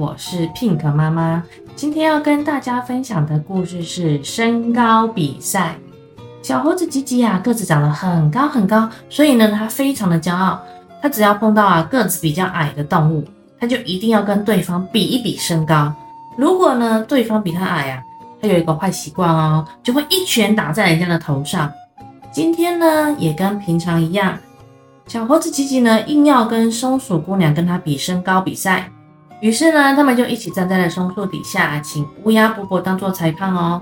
我是 Pink 媽媽，今天要跟大家分享的故事是身高比賽。小猴子吉吉呀、啊，個子長得很高很高，所以呢，他非常的驕傲。他只要碰到啊個子比較矮的動物，他就一定要跟對方比一比身高。如果呢，對方比他矮呀、啊，他有一個壞習慣哦，就會一拳打在人家的頭上。今天呢，也跟平常一樣，小猴子吉吉呢，硬要跟松鼠姑娘跟他比身高比賽。於是呢，他們就一起站在了松樹底下，請烏鴉伯伯當做裁判哦。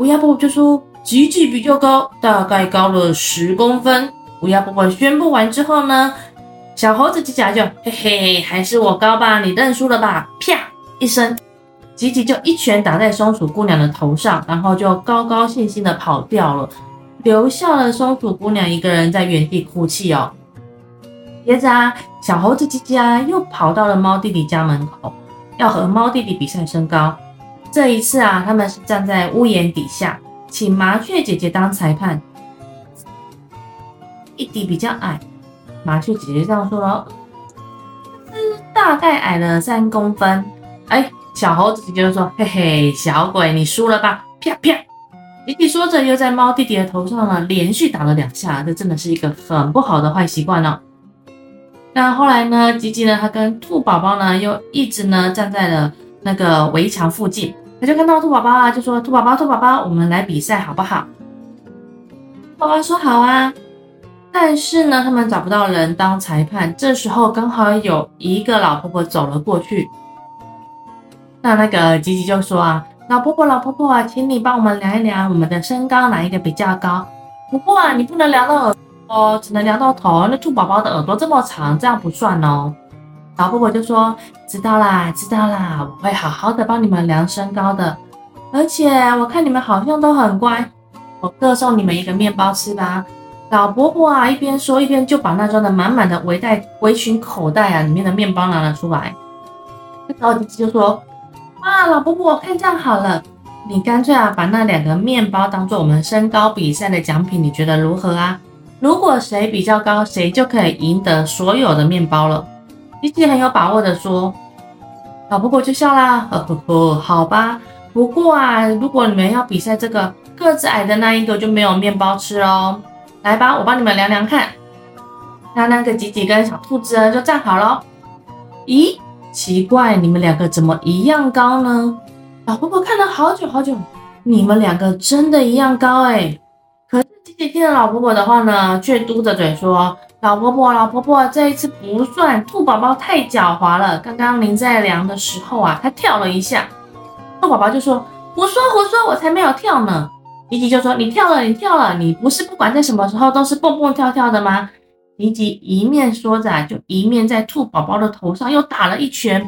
烏鴉伯伯就說：“吉吉比較高，大概高了十公分。”烏鴉伯伯宣布完之後呢，小猴子吉吉就嘿，嘿嘿，還是我高吧，你認輸了吧？啪一聲，吉吉就一拳打在松鼠姑娘的頭上，然後就高高興興地跑掉了，留下了松鼠姑娘一個人在原地哭泣哦。接着啊，小猴子吉吉啊又跑到了貓弟弟家門口，要和貓弟弟比賽身高。這一次啊，他們是站在屋檐底下，請麻雀姐姐當裁判。弟弟比較矮，麻雀姐姐這樣說咯，大概矮了三公分。哎，小猴子吉吉說，嘿嘿，小鬼，你輸了吧？啪啪！吉吉說着，又在貓弟弟的頭上呢連續打了兩下。這真的是一個很不好的壞習慣了。那後來呢？吉吉呢？他跟兔寶寶呢，又一直呢站在了那個圍牆附近。他就看到兔寶寶啊，就說：“兔寶寶，兔寶寶，我們來比賽好不好？”兔寶寶說：“好啊。”但是呢，他們找不到人當裁判。這時候剛好有一個老婆婆走了過去。那那個吉吉就說：“啊，老婆婆，老婆婆，啊，請你幫我們量一量我們的身高，哪一個比較高？不過啊，你不能量到哦，只能量到頭，那兔寶寶的耳朵這麼長，這樣不算哦。老伯伯就說：“知道啦，知道啦，我會好好的幫你們量身高的。而且我看你們好像都很乖，我各送你們一個麵包吃吧。”老伯伯啊，一邊說一邊就把那裝的滿滿的圍袋圍裙口袋啊裡面的麵包拿了出來。高迪奇就說：“哇，老伯伯，我看這樣好了，你乾脆啊把那兩個麵包當做我們身高比賽的獎品，你覺得如何啊？”如果誰比較高，誰就可以贏得所有的面包了。吉吉很有把握的說：“老婆婆就笑啦，呵呵呵，好吧。不過啊，如果你們要比賽，這個個子矮的那一個就沒有面包吃哦。來吧，我幫你們量量看。那那個吉吉跟小兔子就站好咯。咦，奇怪，你們兩個怎麼一樣高呢？老婆婆看了好久好久，你們兩個真的一樣高哎。”吉吉一聽到老婆婆的話呢，卻嘟着嘴說：“老婆婆，老婆婆，這一次不算。兔寶寶太狡猾了，剛剛您在量的時候啊，它跳了一下。兔寶寶就說：胡說胡說，我才沒有跳呢。吉吉就說：你跳了，你跳了，你不是不管在什麼時候都是蹦蹦跳跳的嗎？吉吉一面說着、啊，就一面在兔寶寶的頭上又打了一拳。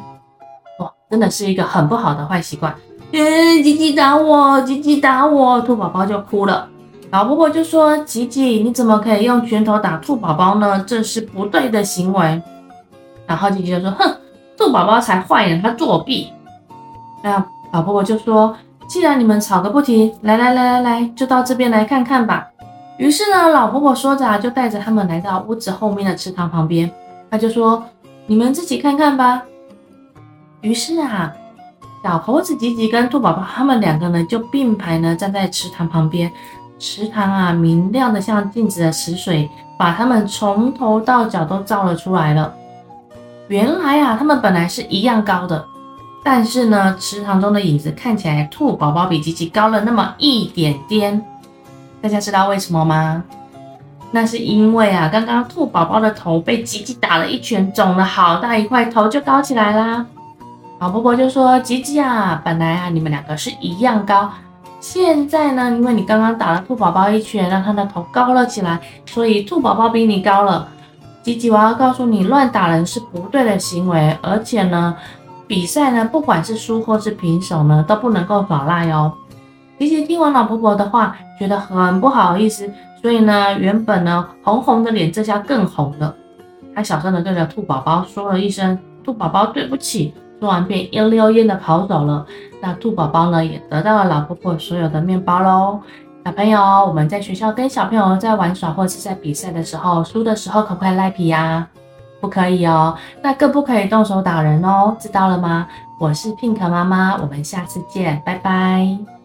哇，真的是一個很不好的壞習慣。嗯、呃，吉吉打我，吉吉打我，兔寶寶就哭了。”老婆婆就說：“吉吉，你怎麼可以用拳頭打兔寶寶呢？這是不對的行為。”然後吉吉就說：“哼，兔寶寶才壞呢，他作弊。”啊，那老婆婆就說：“既然你們吵個不停，來來來來來，就到這邊來看看吧。”於是呢，老婆婆說着啊，就帶着他們來到屋子後面的池塘旁邊，她就說：“你們自己看看吧。”於是啊，小猴子吉吉跟兔寶寶他們兩個呢就並排呢站在池塘旁邊。池塘啊，明亮的像鏡子的池水，把它們從頭到腳都照了出來了。原來啊，它們本來是一樣高的，但是呢，池塘中的影子看起來，兔寶寶比吉吉高了那麼一點點。大家知道為什麼嗎？那是因為啊，剛剛兔寶寶的頭被吉吉打了一拳，腫了好大一塊，頭就高起來啦。老婆婆就說：“吉吉啊，本來啊，你們兩個是一樣高。”現在呢，因為你剛剛打了兔寶寶一拳，讓他的頭高了起來，所以兔寶寶比你高了。吉吉娃娃告訴你，亂打人是不對的行為，而且呢，比賽呢，不管是輸或是平手呢，都不能夠耍賴喲。吉吉聽完老婆婆的話，覺得很不好意思，所以呢，原本呢紅紅的臉這下更紅了。他小聲的對着兔寶寶說了一聲：“兔寶寶，對不起。”說完便一溜煙的跑走了。那兔寶寶呢，也得到了老婆婆所有的麵包嘍。小朋友，我們在學校跟小朋友在玩耍或是在比賽的時候，輸的時候可不可以賴皮呀？不可以哦，那更不可以動手打人哦，知道了嗎？我是 Pink 媽媽，我們下次見，拜拜。